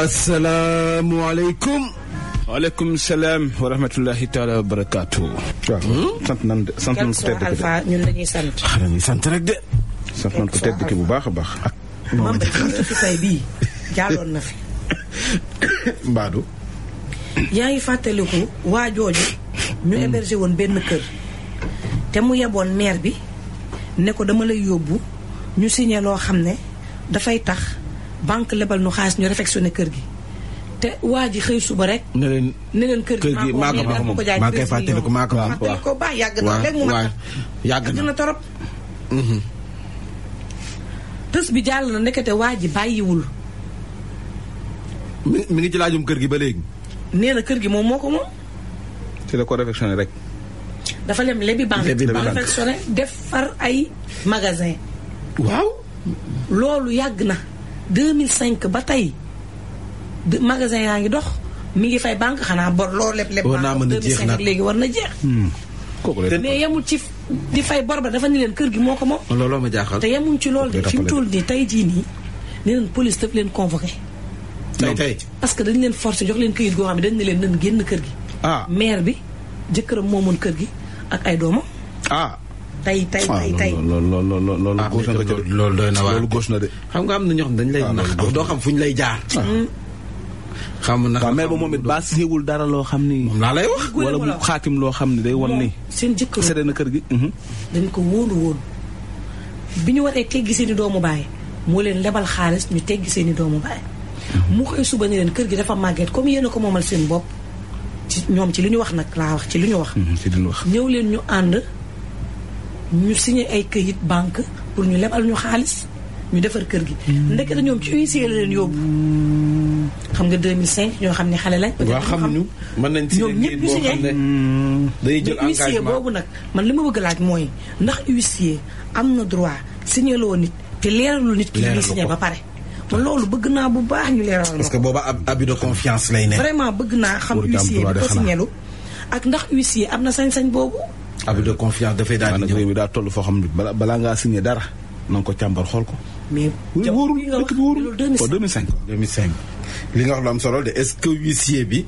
asalaamualeykum. waaleykum salaam wa rahmatulahi taala wa barakaatu. Hmm? dañuy sant. xanaa ah, ñuy sant rek bu baax a baax. ak moom na fi. ngi fàttaliku waa jooju. ñu hmm. hébergé woon benn kër. te mu yeboon maire bi ne ko dama lay yóbbu ñu signé loo xam ne dafay tax. banque lebal nu xaalis ñu réfectionné kër gi te waa ji xëy suba rek. ne leen kër gi maa ko maa ko jaay kër gi ñoom maa ko ko baax yàgg na léegi mu mat yàgg na torop. tës mhm. bi jàll na ndekete waa ji bàyyiwul. mu ngi ci laajum kër gi ba léegi. nee na kër gi moom moo ko moom. ci la ko réfectionné rek. dafa lem lebi banque lebi banque réfectionné def far ay magasin waaw loolu yàgg na. 2005 ba tey magasin yaa ngi dox mu ngi fay banque xanaa bor loolu lépp lépp. war naa mën a jeex nag léegi war na jeex. Hmm. kooku ne yemul ci di fay bor ba dafa ni leen kër gi moo ko moom. looloo ma jaaxal te yemul ci loolu de fi mu toll nii tey jii nii nee leen police daf leen convoqué. tey tey parce que dañu leen forcé jox leen këyit goo xam ne dañ ne leen nan génn kër gi. ah maire bi jëkkëram moomoon kër gi ak ay doomam. ah. tey tey ah, tey tey loolu loolu loolu góos na de loolu doy na waar loolu góos na de. xam nga am na ñoo xam dañ lay ah, nax doo xam fu ñu lay jaar. Ah. Hmm. xam na waaw mel ba moom it baa siiwul dara loo xam ni. moom laa lay wax wala bu xaatim loo xam ni day wan ni. seen jëkkër sede na kër gi. Mhm. dañ ko wóolu woon bi ñu waree teggi seen i doomu baay moo leen lebal xaalis ñu teggi seen i doomu baay. mu xëy suba ni leen kër gi dafa màgget comme yéen a ko moomal seen bopp ci ñoom ci li ñu wax nag laa wax ci li ñu wax. Mhm, ci li ñu wax ñëw leen ñu ànd ñu signé ay këyit banque pour ñu lebal ñu xaalis ñu defar kër gi. Hmm. ndekete ñoom ci huissier la leen yóbbu. Hmm. xam nga 2005 ñoo xam ne xale lañ. peut-être xamuñu mën nañ signé ñoom ñëpp ñu signé. Hmm. day jël engagement huissier boobu nag man li ma bëgg laaj mooy ndax huissier am na droit signé loo nit te leeralul nit ki ñu signé ba pare. man loolu bëgg naa bu baax ñu leeralal parce que booba abus de confiance lay ne. vraiment bëgg naa xam huissier bi ko signélu ak ndax huissier am na sañ-sañ boobu. abus de confiance dafay daal di ñëw bi daa toll foo xam ne balaa balaa ngaa signé dara na ko càmbar xool ko. mais ja wóorul dëkk bi wóorul 2005 li nga wax solo de est-ce que huissier bi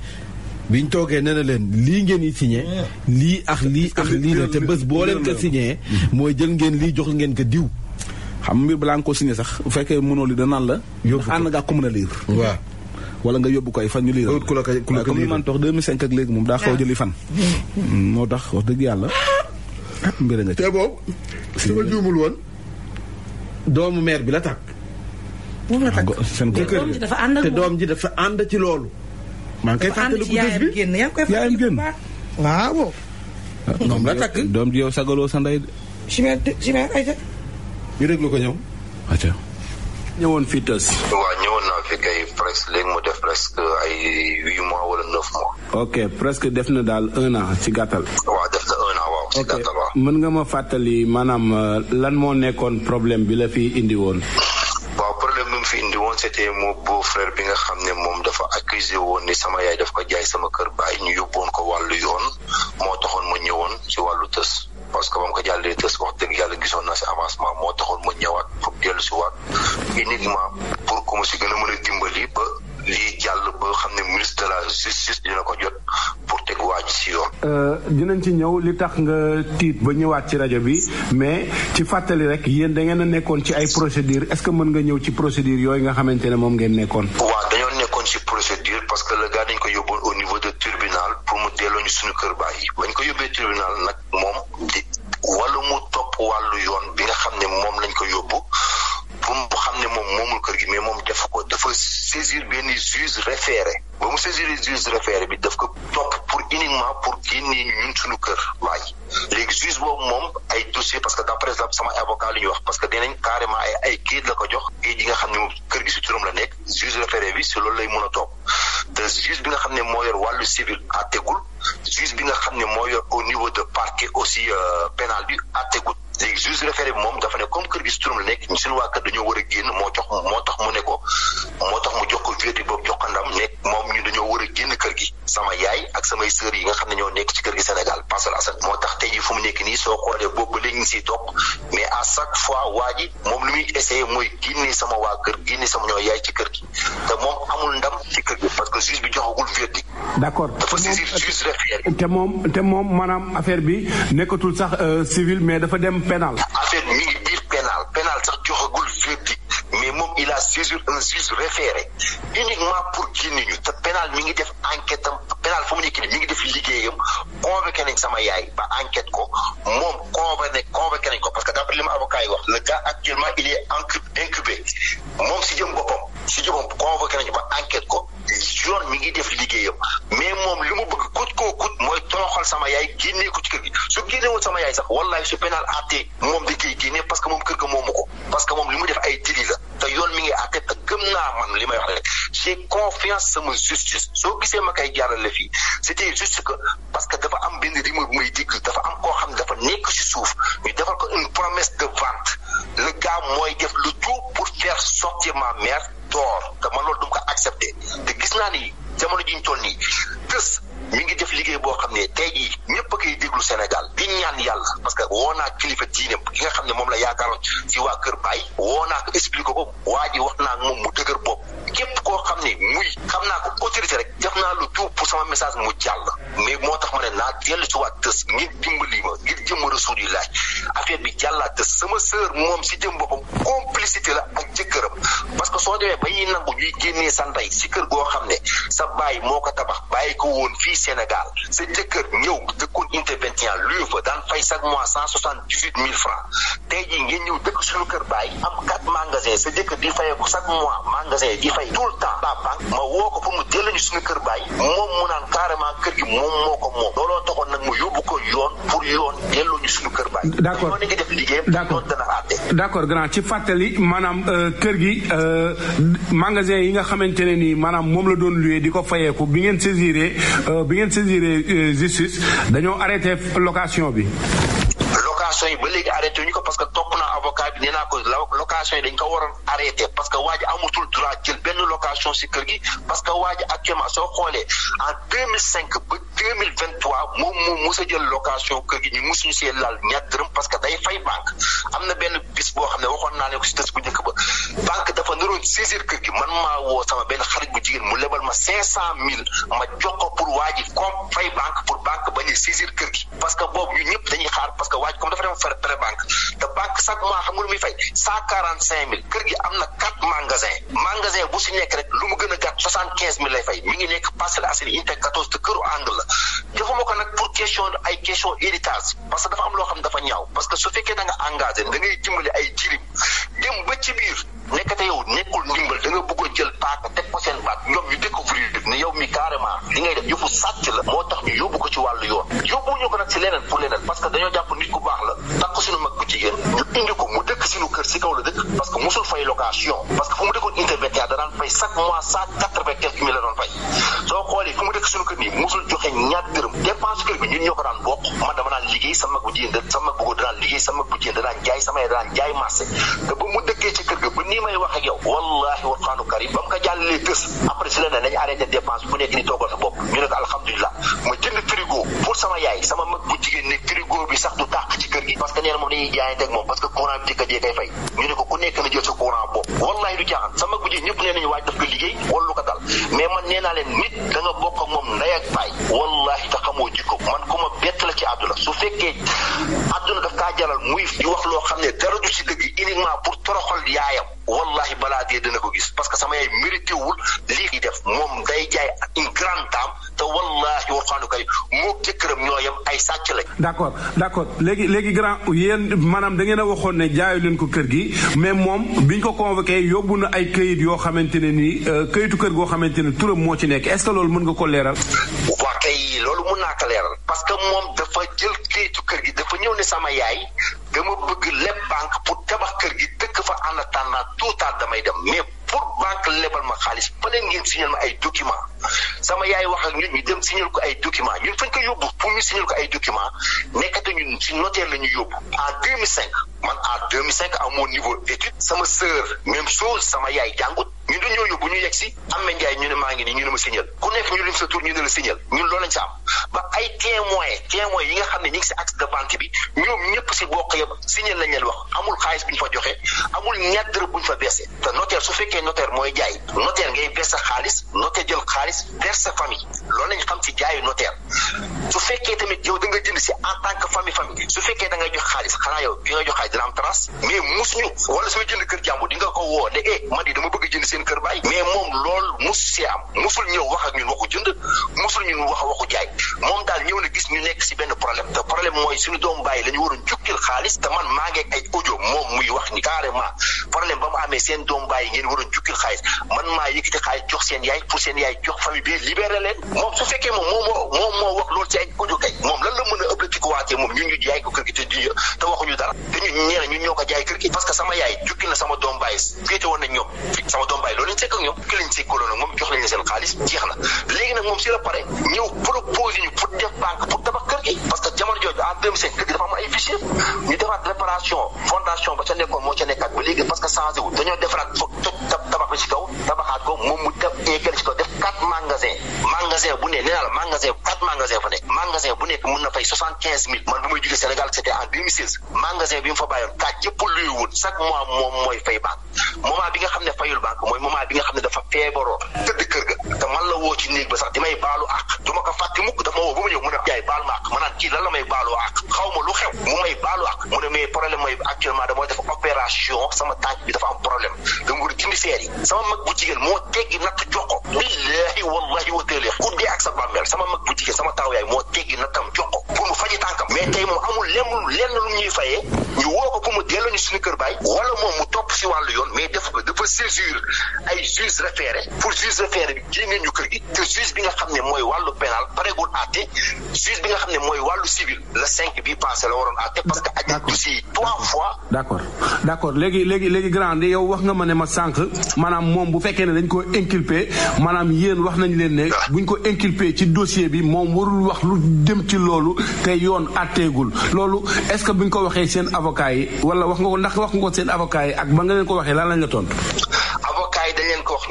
ñu toogee nee na leen lii ngeen yi signé. lii ak lii ak lii la te bés boo leen ko signé. mooy jël ngeen lii jox ngeen ko diw. xam mbir balaa nga ko signé sax bu fekkee mënoo li danaan la. yóbbu ko ànd ngaa ko mën a lire. waaw. wala nga yóbbu koy ay fan ñu lii ku la ko comme li man toog 2005 ak léegi moom daa xaw jëli fan hmm. moo tax wax dëgg yàlla mbir nga ci te bi la tàkk moom la tàkk ah, te doom ji dafa ànd ci loolu maa ngi koy fàttaliku bés doom ji yow sagaloo sa ndey chimère chimère ayca ñu déglu ko ñëw ñëwoon fii tës. waa ñëwoon naa fi kay presque léegi mu def presque ay huit mois wala neuf mois. ok presque def na daal un an ci gàttal. waa def na un an waaw ci gàttal waaw. mën nga ma fàttali maanaam euh, lan moo nekkoon problème bi la fi indi woon. waaw fi indi woon c'était mon beau-frère bi nga xam ne moom dafa accusé woon ni sama yaay daf ko jaay sama kër baay ñu yóbboon ko wàllu yoon moo taxoon ma ñëwoon ci wàllu tës parce que moom ko jàll di tës wax dëgg yàlla gisoon naa si avancement moo taxoon ma ñëwaat pour dellu si waat uniquement pour que si gën a mën a dimbali ba lii jàll ba xam ne ministre de la justice dina ko jot pour teg waa ji si yoon. Euh, dinañ ci ñëw li tax nga tiit ba ñëwaat ci rajo bi mais ci fàttali rek yéen da ngeen a nekkoon ci ay procédure est-ce que mën nga ñëw ci procédure yooyu nga xamante ne moom ngeen nekkoon. waaw dañoo nekkoon ci procédure parce que le gars dañ ko yóbboon au niveau de tribunal pour mu delloo ñu suñu kër baay moom. kër gi mais moom def ko dafa saisir benn juge référé ba mu saisir juge référé bi daf ko topp pour uniquement pour génnee ñun suñu kër waay léegi juge boobu moom ay dossier parce que d'après sama avocat li ñuy wax parce que dinañ carrément ay ay kayit la ko jox xam ne moom kër gi si turam la nekk juge référé bi si loolu lay mën a te juge bi nga xam ne moo yor wàllu civil àttegul juge bi nga xam ne moo yor au niveau de parquet aussi euh, pénal bi àttegul léegi juge référé bi moom dafa ne comme kër gi si turam la nekk seen waa kër dañoo war génn moo jox moo tax mu ne moo tax mu jox ko nekk moom sama yaay yi xam ne ñoo nekk ci kër gi Sénégal Parcelles Assainies moo tax tey jii fu mu nekk nii soo xoolee boobu léegi ñu siy toog mais à chaque fois waa ji sama ñoo yaay ci kër gi te moom amul ndam ci kër gi parce que juge bi joxagul verdict d'accord dafa saisir juge référé te moom te moom maanaam affaire bi nekkatul sax euh, civil mais dafa dem dem pénal. affaire mi ngi sax joxagul verdict mais moom il a saisi un juge référé uniquement pour génne ñu te pénal mi ngi def enquête am pénal fa mu nekk nii mi ngi def liggéeyam convoqué nañ sama yaay ba enquête ko moom convoqué convoqué nañ ko parce que d'après li ma avocat yi wax le gars actuellement il est incubé moom si jëm boppam si jëm boppam convoqué nañ ba enquête ko yoon mi ngi def liggéeyam mais moom li mu fal sama yaay génnee ko ci kër gi su sama yaay sax wallaay su pénal àttee moom da koy génne parce kër ga moomu ko parce que moom def ay délit la te mi ngi àtte te gëm naa man li may wax rek j'ai confiance sama justice soo gisee ma koy jaarale dafa am benn rime bu dafa am koo xam message mu jàll mais moo tax ma ne naa dellu si waat tës ngir dimbali ma ngir jëmm rasulilaay affaire bi jàllaat tës sama seur moom si jëm boppam complicité la ak jëkkëram parce que soo demee ba ñuy nangu ñuy génnee sa ndey si kër goo xam ne sa baay moo ko tabax bàyyi ko woon fii Sénégal sa jëkkër ñëw dëkkoon intervention luy fa daan fay chaque mois cent soixante dix huit mille francs tey jii ngeen ñëw dëkk suñu kër baay am quatre magasin sa jëkkër di fay ko chaque mois suñu kër baay moom mu carrément kër gi moom moo nag mu yóbbu ko yoon pour yoon suñu kër baay d'accord noonu ngi def liggéeyam d'accord dana àtte d'accord grand ci fàttali maanaam euh, kër gi euh, magasin yi nga xamante ne nii maanaam moom la doon loué di ko fayeeku bi ngeen saisiré euh, bi ngeen saisiré justice dañoo arrêté location bi location yi ba léegi arrêté wu ñu ko parce que topp naa avocat bi nee naa ko location yi dañ ko war a arrêté parce que waa ji amatul droit jël benn location si kër gi parce que waa ji actuellement soo xoolee en deux mille cinq ba deux mille vingt trois moom moo mos a jël location kër gi ñu mosuñu see laal ñaar dërëm parce que day fay banque am na benn bis boo xam ne waxoon naa ne ko si tës bu njëkk ba banque dafa naroon saisir kër gi man maa woo sama benn xarit bu jigéen mu lebal ma cinq cent mille ma jox ko pour waa ji comme fay banque pour banque bañ a saisir kër gi parce transfert banque te banque chaque mois xam lu muy fay cent quarante cinq mille kër gi am na quatre magasin magasin bu si nekk rek lu mu gën a gàtt soixante quinze mille lay fay mi ngi nekk Parcelles Assainies unité quatorze te këru angle la defuma ko nag pour question ay question héritage parce que dafa am loo xam dafa ñaaw parce que su fekkee da nga engagé da ngay dimbali ay jirim dem ba ci biir nekkate yow nekkul ndimbal da nga bëgg jël paaka teg ko dëkk parce que mosul fay location parce que fu mu dëkkoon intermédiaire da daan fay chaque mois cent quatre vingt quelques mille la doon fay soo xoolee fu mu dëkk suñu kër nii mosul joxe ñaar dërëm dépense kër bi ñun ñoo ko daan bokk man dama liggéey sama mag bu jigéen sama mag bu góor liggéey sama mag bu jigéen danaan jaay sama yaay danaan jaay ci àdduna su fekkee àdduna daf kaa jaral muy di wax loo xam ne dara du si dëgg uniquement pour toroxal yaayam wallahi balaa dee dina ko gis parce que sama yaay mérité wul lii def moom day jaay une grande dame te wallahi warxaanu kay moo jëkkëram ñoo yem ay sàcc d' accord d' léegi léegi grand yéen maanaam da ngeen a waxoon ne jaayu leen ko kër gi mais moom biñ ko convoqué yóbbu na ay këyit yoo xamante ne nii euh, këyitu kër goo xamante ne turam moo ci nekk est ce que loolu mën nga ko leeral. waa kay loolu mën naa ko leeral parce que moom ñëw ne sama yaay dama bëgg leb banque pour tabax kër gi dëkk fa en attendant tout tard damay dem mais pour banque lebal ma xaalis ba leen ngeen signal ma ay document sama yaay wax ak ñun ñu dem siñul ko ay document ñun fañ ko yóbbu pour ñu signal ko ay document nekkate ñun si notaire la ñu yóbbu en 2005 man en 2005 à mon niveau étude sama sœur même soo sama yaay jàngut ñun ñoo yóbbu ñu yegg si am na njaay ñu ne maa ngi nii ñu ne ma signal ku nekk ñu lim sa tur ñu ne la signal ñun loolu lañ sa am ba ay témoin témoin yi nga xam ne ñu ngi si acte de banque bi ñëpp si bokk yëpp signal wax amul xaalis bu ñu fa joxe amul ñàddër bu ñu fa beese te notaire su fekkee noteer mooy jaay notaire ngay bees sa xaalis notaire jël xaalis vers sa famille loolu lañ xam si jaayu notaire su fekkee tamit yow da nga jënd si en tant que famille famille su fekkee da ngay jox xaalis xanaa yow ki nga jox xaalis dina am mais musuñu wala di nga ko woo ne eh man di dama bëgg seen kër baay mais moom loolu mus si am musul ñëw wax ak ñun waxu jënd musul ñun wax waxu jaay moom daal ñëw na gis ñu nekk si benn problème te problème mooy suñu doom bàyyi la war waroon jukkil xaalis te man maa ngeeg ay audio moom muy wax mu amee seen doom bàyyi ngeen waroon jukkil xaalis man maa yëkkati xaalis jox seen yaay pour seen yaay jox famille bi libéré leen moom su fekkee moom moo moo moom moo wax loolu ci ay audio kay moom lan la mën a ëpp ci ko waatee moom ñun ñu jaay ko kër gi te te waxuñu dara te ñun ñee ñoo ko jaay kër gi parce que sama yaay jukki na sama doom bàyyi féete woon nañ loolu lañ sekk ak ñoom ki lañ sekkaloon ak moom jox lañ seen xaalis jeex na léegi nag moom si la pare ñëw proposé ñu pour def banque pour tabax kër gi parce que jamono jooju en 2005 kër gi dafa am ba ca nekkoon moo ca nekkaat ba léegi parce que changé wu dañoo defaraat foog toj ko moom mu def éegal ci kaw bu ne nee naa la magasin quatre magasin fa nekk magasin bu nekk mën na fay soixante quinze mille man bu may jógee Sénégal c'était en 2016 magasin bi fa bàyyoon kaaj yëpp luy woon chaque mois moom mooy fay banque moment bi nga xam ne fayul banque mooy moment bi nga xam ne dafa feebaroo tëdd kër ga te man la woo ci néeg ba sax di may baalu àq du ma ko fàtte mukk dafa woo ba ma ñëw mu ne jaay baal ma àq ma may baalu xaw ma lu xew mu may baalu àq mu ne mais problème mooy actuellement damay def opération sama tànk bi dafa problème dama war a dindi seer yi sama mag bu jigéen moo teggi natt jox ko billaahi wallahi wa taalaa ku dee ak sa bàmmeel sama mag bu jigéen sama taaw yaay moo teggi nattam jox ko pour mu faji tànkam mais tey moom amul lenn ñuy fayee woo ko pour mu delloo ñu suñu kër wala moom si wàllu yoon mais def fa saisir ay juge référé pour juge référé bi nga xam ne mooy wàllu pénal pareegul àtte juge bi nga xam ne mooy wàllu civil la cinq bi passé la waroon àtte parce que aji dossier yi trois fois d' accord léegi léegi léegi grande yow wax nga ma ne ma sànq maanaam moom bu fekkee ne dañ ko inculpé maanaam yéen wax nañ leen ne ah. buñ ko inculpé ci dossier bi moom warul wax lu dem ci loolu te yoon àtteegul loolu est ce que buñ ko waxee seen avocat yi wala wax nga ko ndax wax nga ko seen avocat ak ba nga leen ko waxee lan lañ la tontu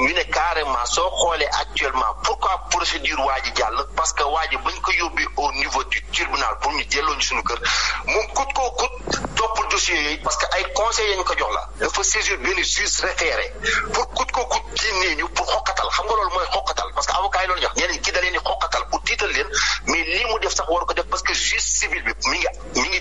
ñu ne carrément soo xoolee actuellement pourquoi procédure waa ji jàll parce que waa ji bañ ko yóbbee au niveau du tribunal pour ñu jëlloo ñu suñu kër moom kut koo kut toppul dossier yooyu parce que ay conseillers ñu ko jox la dafa saisir benn juge référé pour kut koo kut génnee ñu pour xokkatal xam nga loolu mooy xokkatal parce que avocat yi loolu jox ñeneen ki da leen xokkatal pour tiital leen mais lii mu def sax waru ko def parce que juge civil bi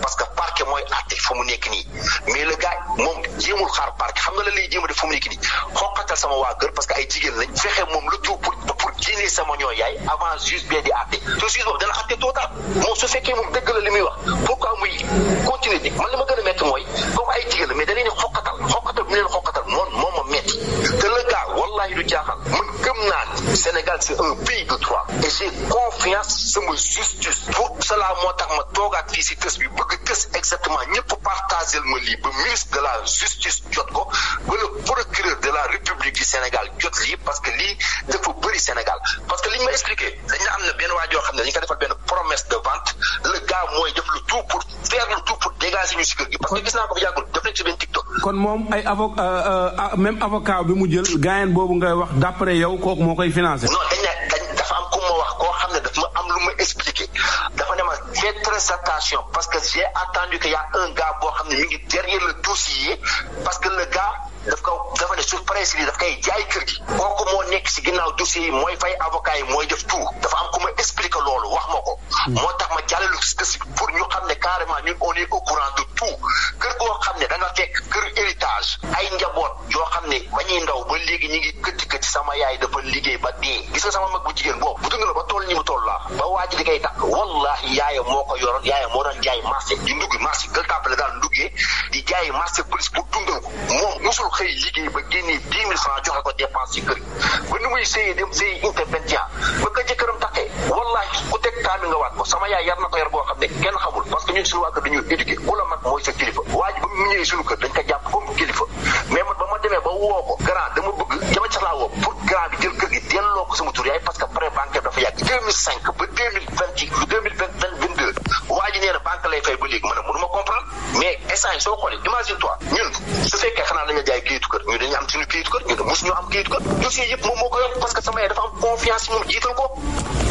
parce que parquet mooy àtte fu mu nekk nii mais le gars moom jéemul xaar parquet xam nga la lay jéem a def fu sama waa kër parce que ay jigéen lañ fexe moom lu tuub pour pour génnee sama ñoo yaay avant juge bee di àtte te juge boobu dana àtte total moom su fekkee moom dëgg la li wax pourquoi muy continuer di li ma gën a metti mooy comme ay jigéen la mais da leen di xoqatal xoqatal moom moo ma metti te le gars wallahi du jaaxal gëm naa ni Sénégal c'est un pays de droit et moo tax ma toogaat fii si tës bi bëgg tës exactement ñëpp partagel ma lii ba ministre de la justice jot ko ba le procureur de la république du Sénégal jot lii parce que lii dafa bëri Sénégal parce que li ñu ma expliqué dañ na am na benn waa xam ne dañu ko defal benn promesse de vente le gars mooy def le tout pour faire le tout pour dégager ñu si kër gi parce que gis naa ko fi yàggul def nañ si benn kon moom ay euh, euh, ah, avocat bi mu jël gaayeen boobu ngay wax d'après kooku moo koy financé. non dañ ne dafa am ku ma wax koo xam ne daf ma am lu ma expliqué dafa ne ma fais très attention parce que j'ai attendu que y a un gars boo xam ne mi ngi derrière le dossier parce que le gars. daf ko dafa ne su paree si lii daf koy jaay kër gi kooku moo nekk si ginnaaw dossier yi mooy fay avocat yi mooy def tout dafa am ku ma expliquer loolu wax ma ko moo tax ma jàllale spécifique pour ñu xam ne carrément ñun on est au courant de tout kër goo xam ne da nga fekk kër héritage ay njaboot yoo xam ne ba ñuy ndaw ba léegi ñu ngi këtti këtti sama yaay dafa liggéey ba dee gis nga sama mag bu jigéen boobu bu dund la ba toll ni mu toll ba waa di koy takk wallahi yaayam moo ko yoroon yaayam moo doon jaay marché xëy liggéey ba génnee dix mille franc joxe ko dépense ci kër gi ba nu muy sëyee dem sëy dossier yëpp moom moo ko yor parce que sama yaay dafa am confiance moom jiital ko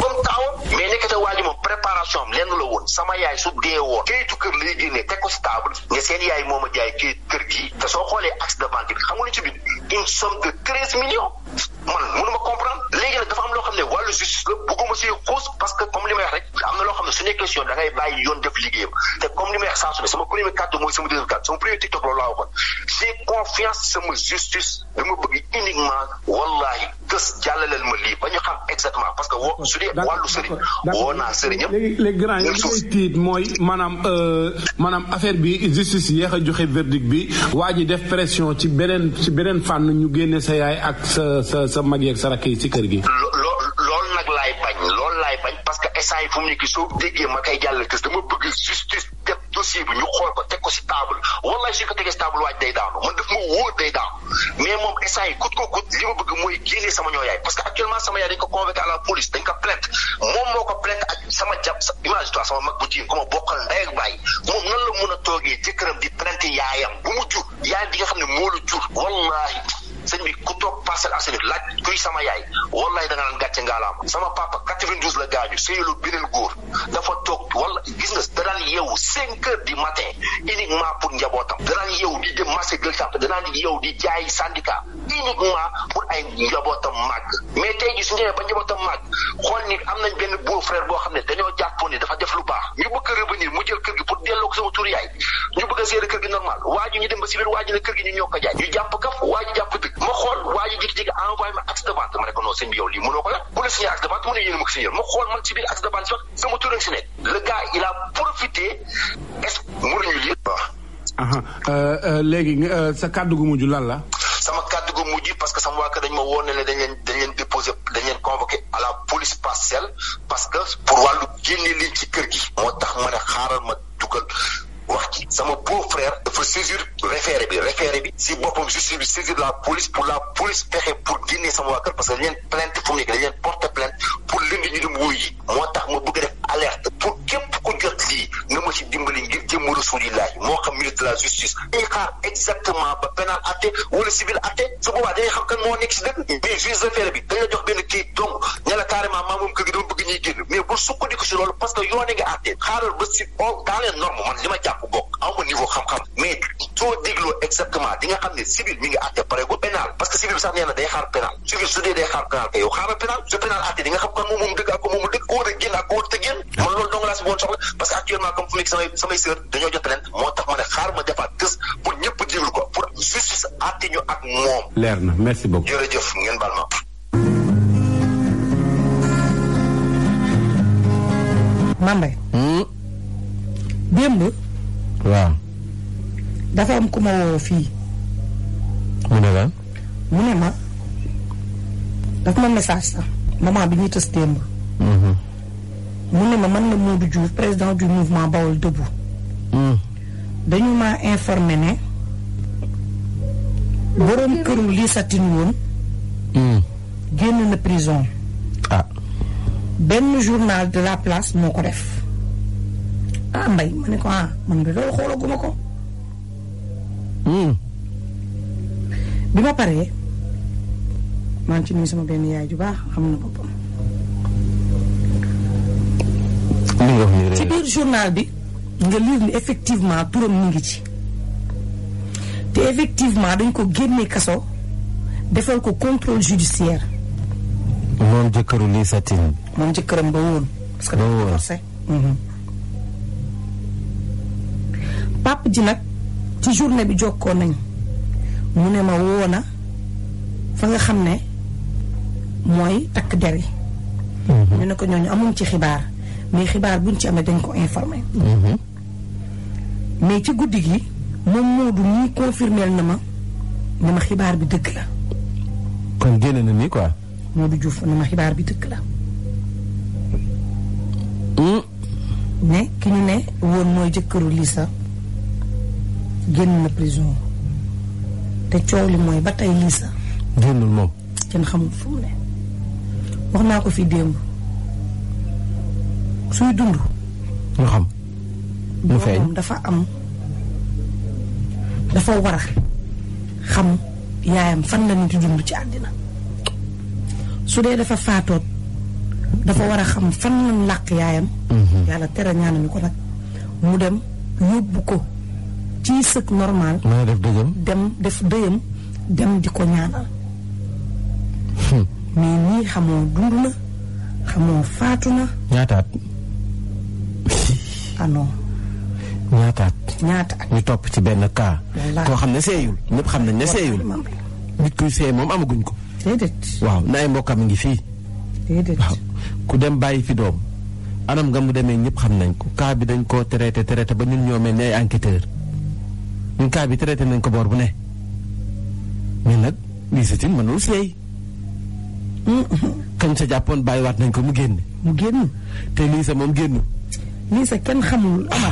ba mu taxawoon mais nekkate waa ji préparation am lenn la woon sama yaay su dee woon këyitu kër lay génne teg ko stable seen yaay moom a jaay kër gi te soo xoolee axe de banque bi xam ci bind une somme de treize man mënuma comprendre léegi nag dafa am loo xam wàllu justice la bugguma see xuus parce que comme li may wax rek am na loo xam ne su nekkee si yoon da ngay bàyyi yoon def liggéeyam te comme li may wax saa su ne sama premier kàddu mooy sama deuxième kàddu sama premier TikTok loolu laa waxoon j'ai confiance sama justice bi ma bëgg uniquement wallahi gës jàllaleel ma lii ba ñu xam exactement parce que woo su dee wàllu sëriñ woo naa sëriñam léegi léegi grand yi lay tiit mooy maanaam euh, maanaam affaire bi justice yéex a joxe verdict bi waa ji def pression ci beneen ci beneen fànn ñu génne sa yaay ak sa sa sa mag yeeg sa rakk yi ci kër gi parce que instant yi fu soo déggee ma koy jàllale te dama bëgg justice def dossier bi ñu xool ko teg ko si table wallaay su ko tegee si waaj day daanu man daf ma wóor day daanu mais moom instant yi kut ko kut li ma bëgg mooy génnee sama ñoo yaay parce que actuellement sama yaay dañ ko convoqué à la police dañ ko plainte moom moo ko plainte ak sama jàpp sa image toi sama mag bu jigéen ku ma bokkal ndey ak moom nan la mun a toogee këram di plainte yaayam bu mu jur yaayam di xam ne moo la jur wallaahi sëñ bi ku toog parcelle ak sëñ laaj kuy sama yaay wallaay da naan gàcce ngaalaama sama papa 92 la gaañu sëyulu beneen góor dafa toog wala gis nga da daan yeewu 5 heures du matin pour njabootam da daan yeewu di dem marché gël sàmp da daan yeewu di jaay syndicat uniquement pour ay njabootam màgg mais tey ji su ñëwee ba njabootam màgg xool ni am nañ benn beau frère boo xam ne dañoo jàppoon ne dafa def lu baax bëgg a seede ñu si ma xool de vente ma ne ko non sëñ bi ko yor bu la signé si nekk le gars a profité est-ce que mënuñu lii waaw ah. euh, euh, léegi euh, sa kàddu gu mujj lan la sama kàddu gu mujj parce que sama waa kër dañ ma woon ne ne dañ leen dañ leen déposé dañ leen convoqué à la police parce que pour wàllu génne leen ci kër gi moo tax ma ne xaaral ma dugal wax ci sama beau frère dafa saisir référé bi référé bi si boppam justice bi saisir la police pour la police pexe pour génnee sama waa kër parce plainte fu mu nekk dañ porte plainte pour lundi ñu dem wuy yi moo tax ma bëgg def alerte pour jot lii na dimbali ngir jëm rasulillahi moo xam ministre de justice day xaar exactement ba pénal atte wala civil atte su boobaa xaar kan moom moom dëgg ak ko moom dëgg ko war a génn ko war a génn dong laa si woon parce que actuellement comme fu mu nekk samay samay sœur dañoo jot leen moo tax ma ne xaar ma defaat tës pour ñëpp déglu ko pour justice àtte ñu ak moom. leer na merci beaucoup jërëjëf ngeen baal ma. Mambay. Hmm? ma bi ñuy tës démb. Mamadou Diouf président du mouvement Bawol Debout hmm. dañu ma informé ne boroom këru lii satin woon hmm. génn na prison ah. benn journal de la place moo ko def ah mbay ma ne ko ah man nga loolu xoolaguma ko hmm. bi ma paree maa ci nuyu sama benn yaay ju baax xam na boppam nga wax ci biir journal bi nga lire ni effectivement turam mu ngi ci te effectivement dañ ko génne kaso defal ko contrôle judiciaire moom jëkkëru lii satin moom jëkkëram ba woon parce que dafa forcé mhm. ji nag ci journée bi jokkoo nañ mu ne ma woona fa nga xam ne mooy takk der yi mhm. ñu ne ko ñooñu amuñ ci xibaar mais xibaar buñ ci am amee dañ ko informé. mais ci guddi gi moom Moodu ñuy confirmeel na ma ne ma xibaar bi dëkk la. kon génn na nii quoi. Moodu Diouf ne ma xibaar bi dëgg la. Hmm. ne ki ñu ne woon mooy jëkkëru Lisa génn na prison te coow li mooy ba tey Lisa. génnul moom. kenn xamul fu ne wax naa ko fi démb. suy dund. ñu xam mu feeñ dafa am dafa war a xam yaayam fan la nit di dund ci àddina su dee dafa faatoot dafa war a xam fan lañ làq yaayam. Mhm. yàlla tere ñaanuñu ko nag mu dem yóbbu ko ci sëg normal. def dëjëm dem def dëyam dem di ko ñaanal. Hmm. mais nii xamoo dund na xamoo faatu na. ñaataat. ah non. ñaataat. ñaata at ñu topp ci benn kaa koo xam ne seeyul ñëpp xam nañ ne seeyul. nit kuy seey moom amaguñ ko. déedéet. waaw na ay mbokkam a ngi fii. waaw ku dem bàyyi fi doom. anam nga mu demee ñëpp xam nañ ko cas bi dañ koo traité traité ba ñun ñoo mel ni ay enquêteur ñun cas bi traité nañ ko boor bu ne. mais nag lii sëtin mënul seey. Mm-hmm. kañ sa jàppoon bàyyiwaat nañ ko mu génn. mu génn te lii sa moom génn. lii sa kenn xamul ama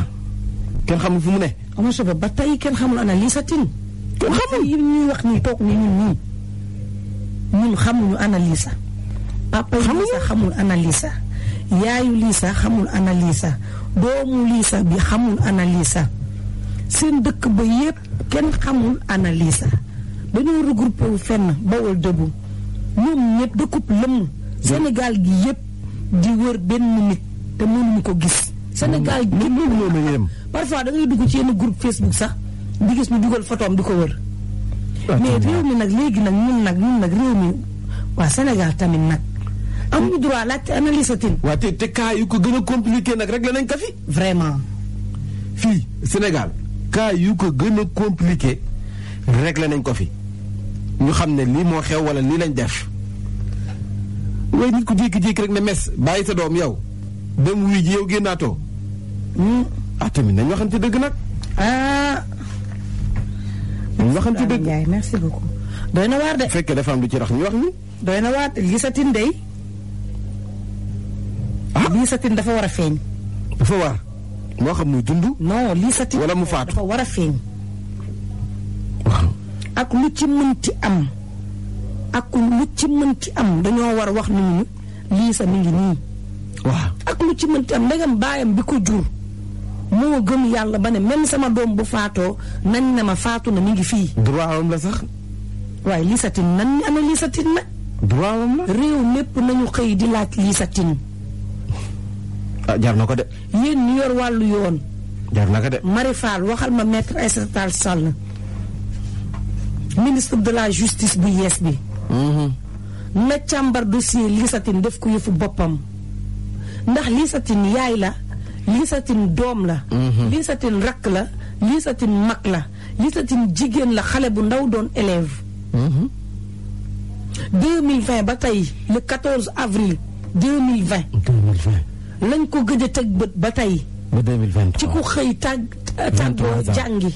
kenn fu mu ne. ama soba ba tey kenn xamul ana lii sa tin. kenn xamul yi ñuy wax nii toog nii ñun ñii ñun xamuñu ana lii sa. xamul ana lii sa. yaayu lii sa xamul ana lii sa doomu lii sa bi xamul ana sa seen dëkk ba yépp kenn xamul ana lii sa dañoo regroupé wu fenn bawol dëggu ñoom ñëpp dëkkub lëmm Sénégal gi yépp di wër benn nit te mënuñu ko gis Sénégal gépp loolu yem parfois da ngay dugg ci yenn groupe Facebook sax di gis mu dugal photoom du ko wër ah, mais réew mi nag léegi nag ñun nag ñun nag réew mi waa Sénégal tamit nag amuñu droit laajte analyse tin waa te te yu ko gën a compliqué nag rek la nañ ko fi vraiment fii Sénégal cas yu ko gën a compliqué rek la nañ ko fi ñu xam ne lii moo xew wala lii lañ def waaye nit ko jékki-jékki rek ne mes bàyyi sa doom yow dem wuy ji génnaatoo Hmm? ah tamit nañ waxante dëgg nag. ah. nañ waxante dëgg Ndiaye merci beaucoup. doy na waar de. fekkee dafa am lu ci rax ñu wax ñu. doy na waar lii satin dey. ah lii satin dafa war a feeñ. dafa war moo xam muy dund. non lii satin wala mu faatu dafa war a feeñ. waaw. ak lu ci mënti am. ak lu ci mënti am dañoo war a wax nit ñi lii sa mi ngi nii. waaw ak lu ci mënti am ndegam baayam bi ko jur. moo gëm yàlla ba ne même sama doom bu faatoo nañ ne ma faatu na mi ngi fii. droit am la sax. waaye lii satin nan ana lii satin na. droit am réew mépp nañu xëy di laaj lii satin. ah na ko de. yéen ñu yor wàllu yoon. jaar na ko de. Marie Fall waxal ma maître Aïssata Tall ministre de la justice bu yees bi. Mm-hmm. na càmbar dossier lii satin def ko yëfu boppam. ndax lii satin yaay la. lii satin doom la mhm. lii satin rakk la lii satin mag la lii satin jigéen la xale bu ndaw doon élève 2020 mhm. ba tey le 14 avril 2020 2020 lañ ko gëj a teg bët ba tey ba 2023 ci ku xëy tàg tàggoo jàngi